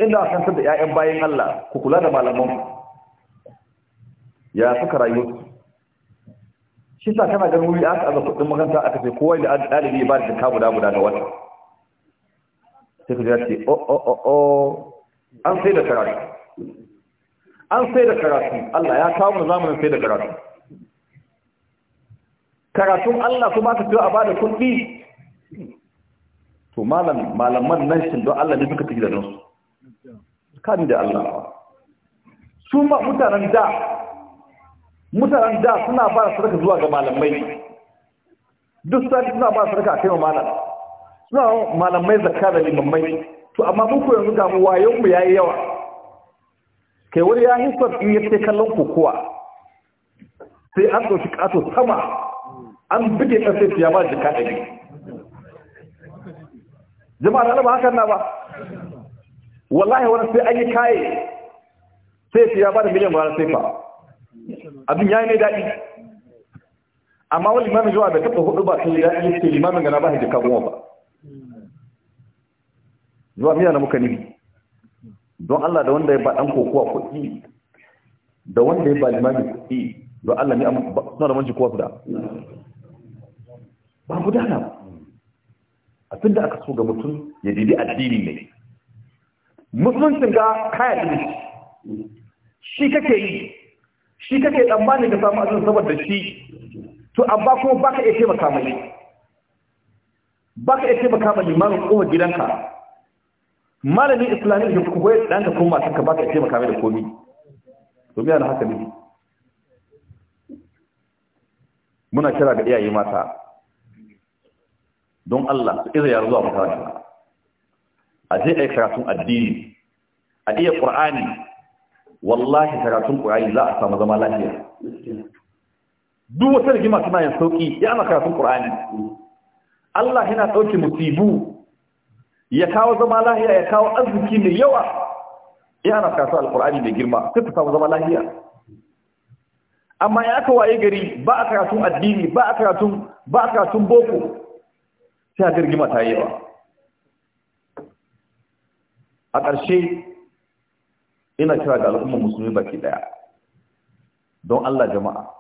Speaker 2: inda a kantar da 'ya'yan bayan Allah ku kula da malaman ya suka rayu shi sa kana ganin wuri aka aza kudin makaranta aka ce kowai da ɗalibi ba da jaka guda guda ga wata sai ku ce o o o o an sai da karatu an sai da karatu Allah ya kawo zamanin sai da karatu karatun Allah kuma aka fiye a bada kundi? to malaman nan shi don Allah ne suka tafi da nasu kan da Allah su ma mutanen da mutanen da suna ba da sadaka zuwa ga malamai duk sati suna ba da sadaka a kai malam suna malamai zakka da limammai to amma mun ko yanzu ga mu wayo mu yayi yawa kai wani ya hisab in ya ce kallon kokowa sai an ɗauki ƙato sama an buge ƙasai ya ba jika ɗari jama'a na ba hakan na ba wallahi wani sai an yi kaye sai ya ba da miliyan ba sai fa abin ya yi mai daɗi amma wani limamin zuwa da kafa hudu ba sai ya yi ce ga gana ba hijika goma ba zuwa miya na muka nibi don Allah da wanda ya ba ɗan kokowa kuɗi da wanda ya ba limamin kuɗi don Allah ne suna da manci kowa su da ba na ba abin da aka so ga mutum ya didi addini ne musulunci ga kaya ne shi kake yi shi kake tsammanin ka samu azin saboda shi to amma kuma baka iya taimaka mai baka iya taimaka mai limamin kowa gidanka malamin islamin da kuma koyar ɗanka kuma ba baka iya taimaka mai da komi domin yana haka ne muna kira ga iyaye mata don Allah iza ya zuwa makaranta a zai ai karatun addini a iya qur'ani wallahi karatun qur'ani za a samu zama lafiya duk wata rigima tana yin sauki ya ana karatun qur'ani Allah yana dauke musibu ya kawo zama lahiya ya kawo arziki mai yawa ya ana karatun alqur'ani mai girma sai ku samu zama lahiya. amma ya aka waye gari ba a karatun addini ba a karatun ba a karatun boko sai a gargima ta yi ba a ƙarshe ina kira ga al'ummar musulmi baki ɗaya don allah jama'a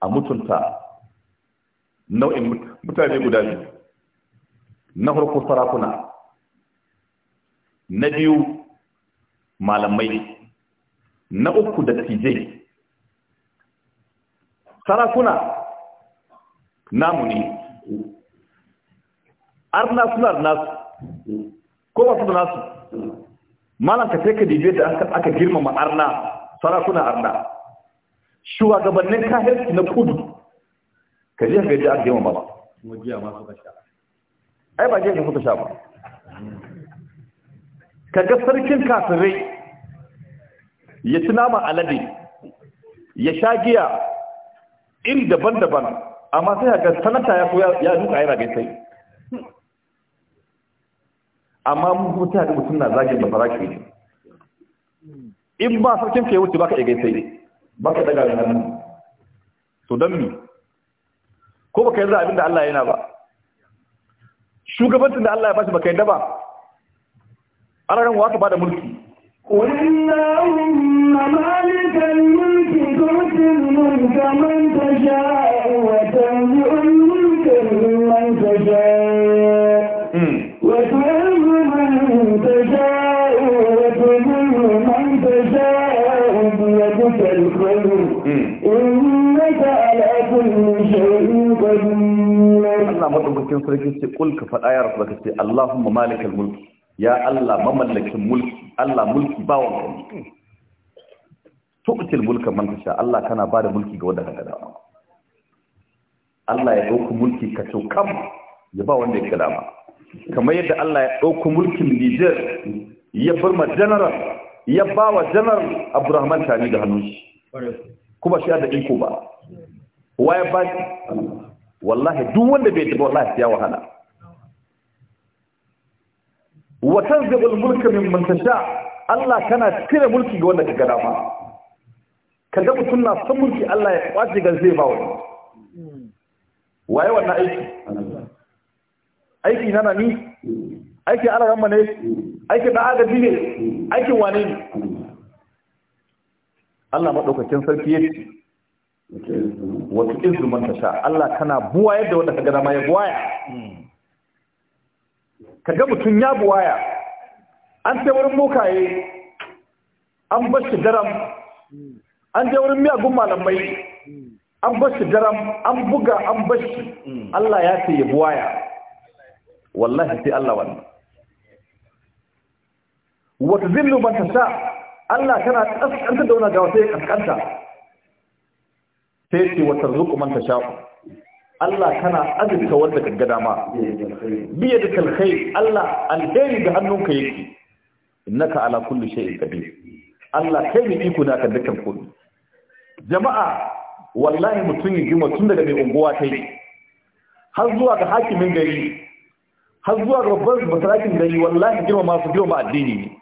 Speaker 2: a mutunta nau'in mutane guda biyu na harkar sarakuna na biyu malamai na uku da tijai sarakuna namu ne arna suna da nasu ko ba su da nasu ka sai ka dibe da aka girmama arna sarakuna arna shugabannin kahirci na kudu ka je gaji aka girmama ba ai ba jiya suka sha ba ka ga sarkin kafirai ya ci nama alade ya sha giya iri daban-daban amma sai ga sanata ya ya duka yana gaisai amma da mutum na zagin da farashi ne in ba sarkin ka ya wuce baka iya gaisai baka daga da hannu to don mi ko baka yanzu abinda Allah yana ba shugabancin da Allah ya bashi baka yanda ba ana ran ba da mulki
Speaker 1: Allahumma malikal mulki tu'til mulka man tasha
Speaker 2: mafarki sai kul ka faɗa ya rasu ka ce Allahumma malikal mulki ya Allah mamallakin mulki Allah mulki bawon ka tu'til mulka man tasha Allah kana ba da mulki ga wanda ka dama Allah ya dauki mulki ka to kam ya ba wanda ya dama kamar yadda Allah ya dauki mulkin Niger ya bar ma general ya ba wa general Abdurrahman Tani da hannun shi kuma shi da iko ba wa ya ba wallahi duk wanda bai dubo wallahi ya wahala wa tanzibul mulka man tasha Allah kana cire mulki ga wanda ka gada ma kaga mutum na son mulki Allah ya kwace ga zai ba wani waye wannan
Speaker 1: aiki
Speaker 2: aiki nana ni aiki Allah ramma ne aiki da agaji ne aiki wane ne Allah madaukakin sarki yake wata izumin ta sha Allah kana buwa yadda wanda ka gada ma ya buwaya ka ga mutum ya buwaya an ce wurin mokaye an bar shi daram an je wurin miyagun malamai an bar shi daram an buga an bar shi Allah ya ce ya buwaya wallahi sai Allah wannan wata zin ban ta sha Allah kana kaskanta da wani ga wata ya ƙasƙanta. sai ce wata zuku man tasha Allah kana azurta wanda ka gada ma biya da kalkai Allah alheri ga hannunka yake innaka ala kulli shay'in qadir Allah kai ne iko na kan dukkan komai jama'a wallahi mutum ya jima tun daga mai unguwa ta yi har zuwa ga hakimin gari har zuwa ga babban masarakin gari wallahi girma masu girma addini ne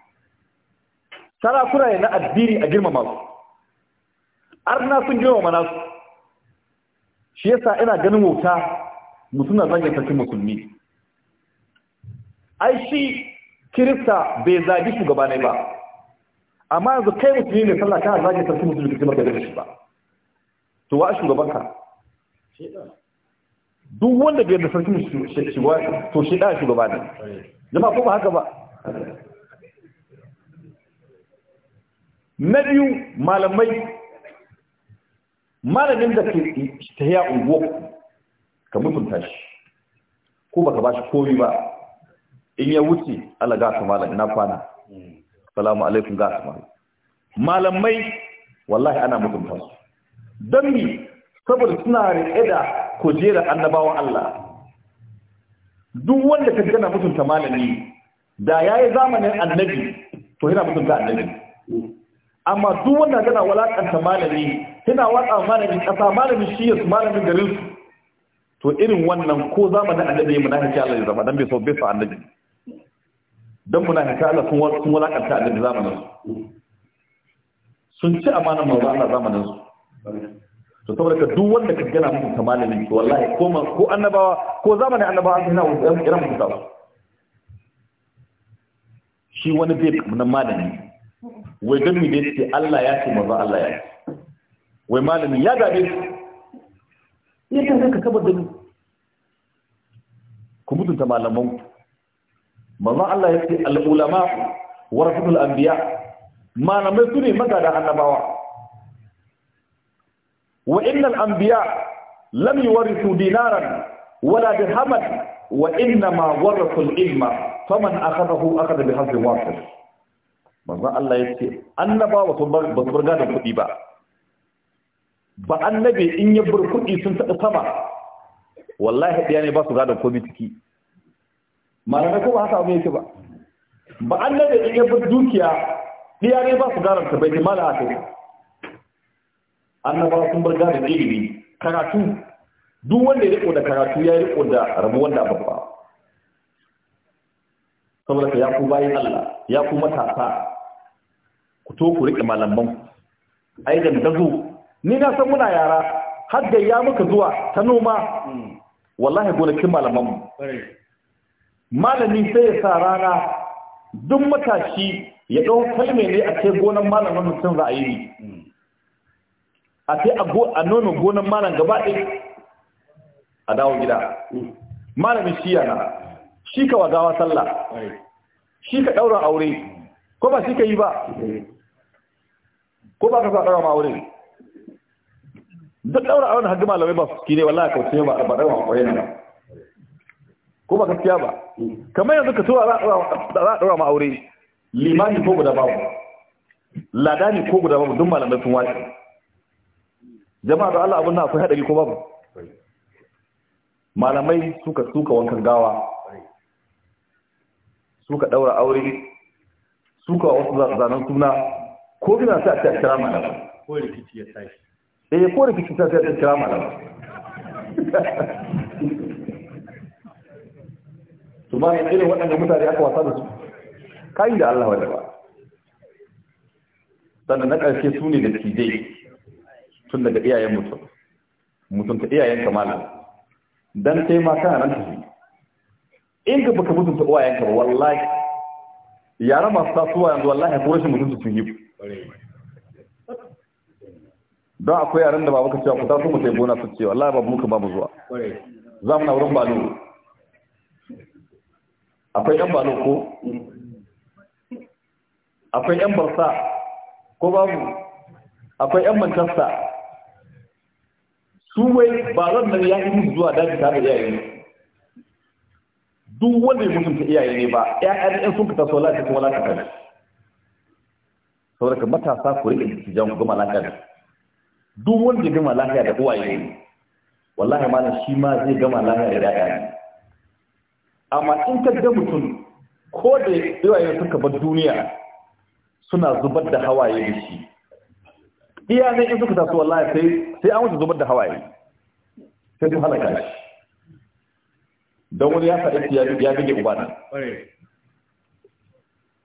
Speaker 2: sarakuna ne na addini a girma masu arna sun girma nasu shi yasa ina ganin wauta mutum na zagin sarkin musulmi ai shi kirista bai zagi ne ba amma yanzu kai musulmi ne sallah kana zagi sarkin musulmi kake maka da shi ba to wa shugabanka duk wanda bai da sarkin shugaba to shi da shugaba ne jama'a ko ba haka ba na biyu malamai malamin da ke ya ungo ka mutunta shi ko baka ba shi komi ba in ya wuce Allah ga su malam ina kwana salamu alaikum ga su malam malamai wallahi ana mutunta su don mi saboda suna riƙe da kujera annabawan Allah duk wanda ka gana mutunta malami da yayi zamanin annabi to yana mutunta annabi amma duk wanda gana walakanta malami suna watsa malamin kasa malamin shiyas malamin garin su to irin wannan ko zamanin annabi munafiki Allah ya zama dan bai so bai so annabi dan munafiki Allah sun sun walakanta annabi zamanin su sun ci amanar manzo Allah zamanin su to saboda ka duk wanda ka gana muku malamin to wallahi ko ko annabawa ko zamanin annabawa sun yana irin muku ta shi wani bai kamar malami wai dan mu da ce Allah ya ce manzo Allah ya ce wai malamin ya gabe
Speaker 1: su ya ta ka kabar da ni
Speaker 2: ku mutunta malaman manzon Allah ya ce al-ulama warasatul anbiya malamai su ne magada annabawa wa innal anbiya lam yuwarithu dinaran wala dirhaman wa inna ma warathu al-ilma faman akhadahu akhadha bi hadhihi wasif manzon Allah ya ce annabawa ba su bar gado kuɗi ba ba annabi in ya kudi sun taɓa sama wallahi ɗaya ne ba su gadon komi ciki malamai ko ba haka abu yake ba ba annabi in ya bar dukiya ɗaya ne ba su gadon ta bai ji mala haka annaba sun bar gadon ilimi karatu duk wanda ya riko da karatu ya riko da rabu wanda a babba saboda ka ya ku bayan Allah ya ku matasa ku to ku riƙe malaman ku aidan dazu ni na san muna yara har da ya muka zuwa ta noma hmm. wallahi gonakin malamanmu malami sai ya sa rana duk matashi ya ɗau kalme ne a ce gonan malamin mutum za a yi hmm. a ce a nono gonan malam gaba ɗin a dawo gida hmm. Malami shi yana shi ka wagawa sallah shi ka ɗaura aure ko ba shi ka yi ba eh. ko ba ka sa ɗaura ma aure duk daura wani har malamai ba su ne wallahi kauce ba ba daura aure ne ko ba gaskiya ba kamar yanzu ka tuwa za a daura ma aure limani ko guda babu ladani ko guda babu duk malamai sun wace jama'a da Allah abin na akwai hadari ko babu malamai suka suka wankan gawa suka daura aure suka wasu zanen suna ko gina sai a ce a kira malamai
Speaker 1: ko rikici ya tashi
Speaker 2: ya ko rikici ta ta kira malama su ba ne irin waɗanda mutane aka wasa da su kayi da Allah wadda ba sannan na ƙarshe su ne da tijai tun daga iyayen mutum mutunta iyayen kamala don sai ma kana nan tafi in ka baka mutunta uwayenka ba wallahi yara masu tasowa yanzu wallahi ko rashin mutunta sun yi don akwai yaran da babu ka cewa ku taso mu gona su cewa, wallahi babu muka babu zuwa za mu na wurin balo akwai yan balo ko akwai yan barsa ko babu akwai yan manchester su wai zan nan ya yi zuwa daji tare da iyaye duk wanda ya mutunta iyaye ne ba ƴaƴan ɗan sun ka taso ta kuma lafiya saboda ka matasa ku rike su jan goma lafiya duk wanda gama lafiya da uwaye ne wallahi ma shi ma zai gama lafiya da yaya ne amma in ka ga mutum ko da uwaye suka bar duniya suna zubar da hawaye da shi iya ne in suka taso wallahi sai sai an wuce zubar da hawaye sai su halaka shi don wani ya faɗi ya ya gage uba ne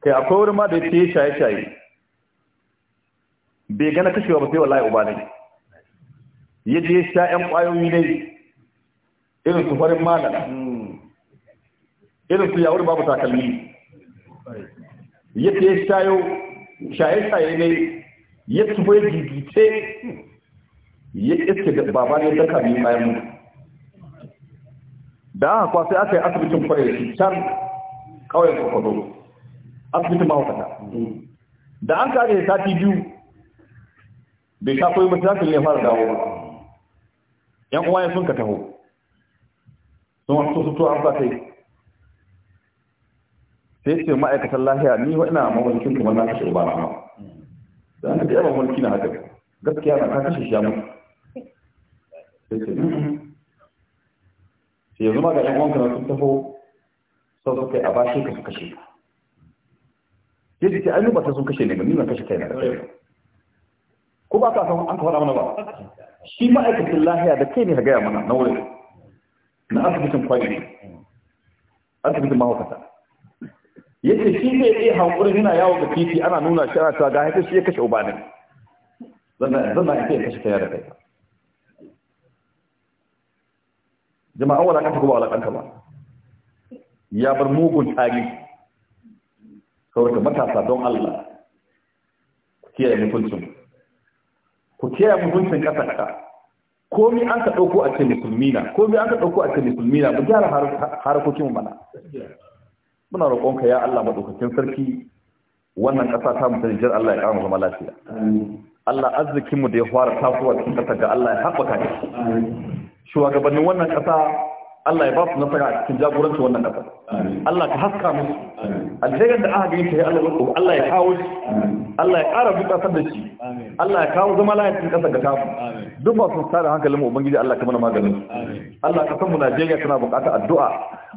Speaker 2: kai akwai wurin ma da ya shaye shaye bai gana kashewa ba sai wallahi uba ne ya je sha ƴan ƙwayoyi ne irin su farin malam irin su yawon babu takalmi ya je yau shaye-shaye ne ya tuba ya gigice ya iske baba ne daga mai bayan mu. da aka kwasai sai aka yi asibitin da can kawai kwakwado asibitin mahaukata da an kare sati biyu bai sha koyi mutu zafin ne fara dawo ba yan uwaye sun ka taho sun wasu su tuwa amsa kai sai ce ma'aikatan lahiya ni wa ina mawarkin kamar na kashe ba na da aka ɗaya mulki na haka gaskiya na ka kashe shi sai ce sai yanzu ga yan uwanka na sun taho sau suka yi a bashe ka su kashe sai yadda ce ainihin sun kashe ne ga ni na kashe kai na da ko ba ka san an ka faɗa mana ba shi ma'aikacin lahiya da kai ne ga gaya mana na wurin na asibitin kwari asibitin mahaukata ya ce shi zai iya hankulin yana yawon da titi ana nuna shi ana cewa ga haifar shi ya kashe ubanin zan na ita ya kashe ta da kai jama'a wala kanta kuma wala kanta ba ya bar mugun tsari saboda matasa don Allah kiyaye mutuncin ku kiyaye mutuncin ƙasar ka komi an ka ɗauko a ce musulmi na komi an ka ɗauko a ce musulmi na mu gyara harkokin mu mana muna ka ya Allah maɗaukakin sarki wannan ƙasa ta mutum jar Allah ya ƙara zama lafiya Allah arzikinmu da ya fara tasowa cikin ƙasa ga Allah ya haɓaka shi shugabannin wannan ƙasa Allah ya ba su nasara a cikin jagoranci wannan ƙasa Allah ka haska musu alherin da aka gani ta yi Allah ya Allah ya kawo shi Allah ya ƙara duk ƙasar da shi Allah ya kawo zama lafiya cikin ƙasar ga tamu duk ba sun da hankalin mu ubangiji Allah ka mana maganin Allah ka san mu Najeriya tana buƙatar addu'a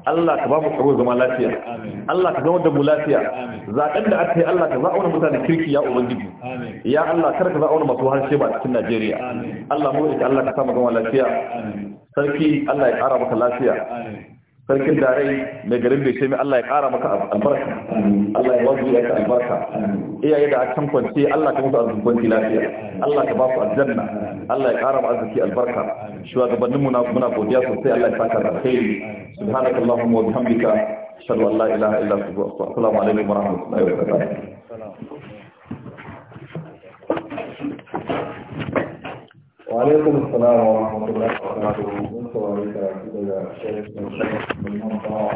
Speaker 2: Allah ka ba mu tsaro zama lafiya Allah ka zama da mu lafiya zaɓen da aka yi Allah ka zaɓa mutane kirki ya ubangiji ya Allah kar ka zaɓa masu harshe ba a cikin Najeriya Allah mu da Allah ka sa mu zama lafiya sarki Allah ya ƙara maka lafiya lafiya sarkin darai mai garin bai ce mai Allah ya kara maka albarka Allah ya wazu ya ka albarka iyaye da a can kwance Allah ka musu arziki lafiya Allah ka ba su aljanna Allah ya kara mu arziki albarka shugabannin mu muna godiya sosai Allah ya saka da alheri subhanakallahumma wa bihamdika ashhadu an la ilaha illa anta astaghfiruka wa assalamu alaikum wa rahmatullahi wa barakatuh وعليكم السلام ورحمة الله وبركاته ونصر عليك كده الشيخ المنطقة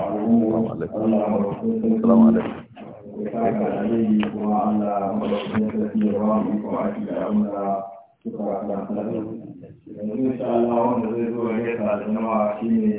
Speaker 2: السلام عليكم Ìfẹ́ àgbà àjẹ́ yìí wọ́n á ń la ọmọdé tó ti rán ìfọ̀ àti ìgbà ọmọdé tó ti rán ìfọ̀ àti ìgbà ọmọdé tó ti rán ìfọ̀ àti ìgbà ọmọdé tó ti rán ìfọ̀ àti ìgbà ọmọdé tó ti rán ìfọ̀ àti ìgbà ọmọdé tó ti rán ìfọ̀ àti ìgbà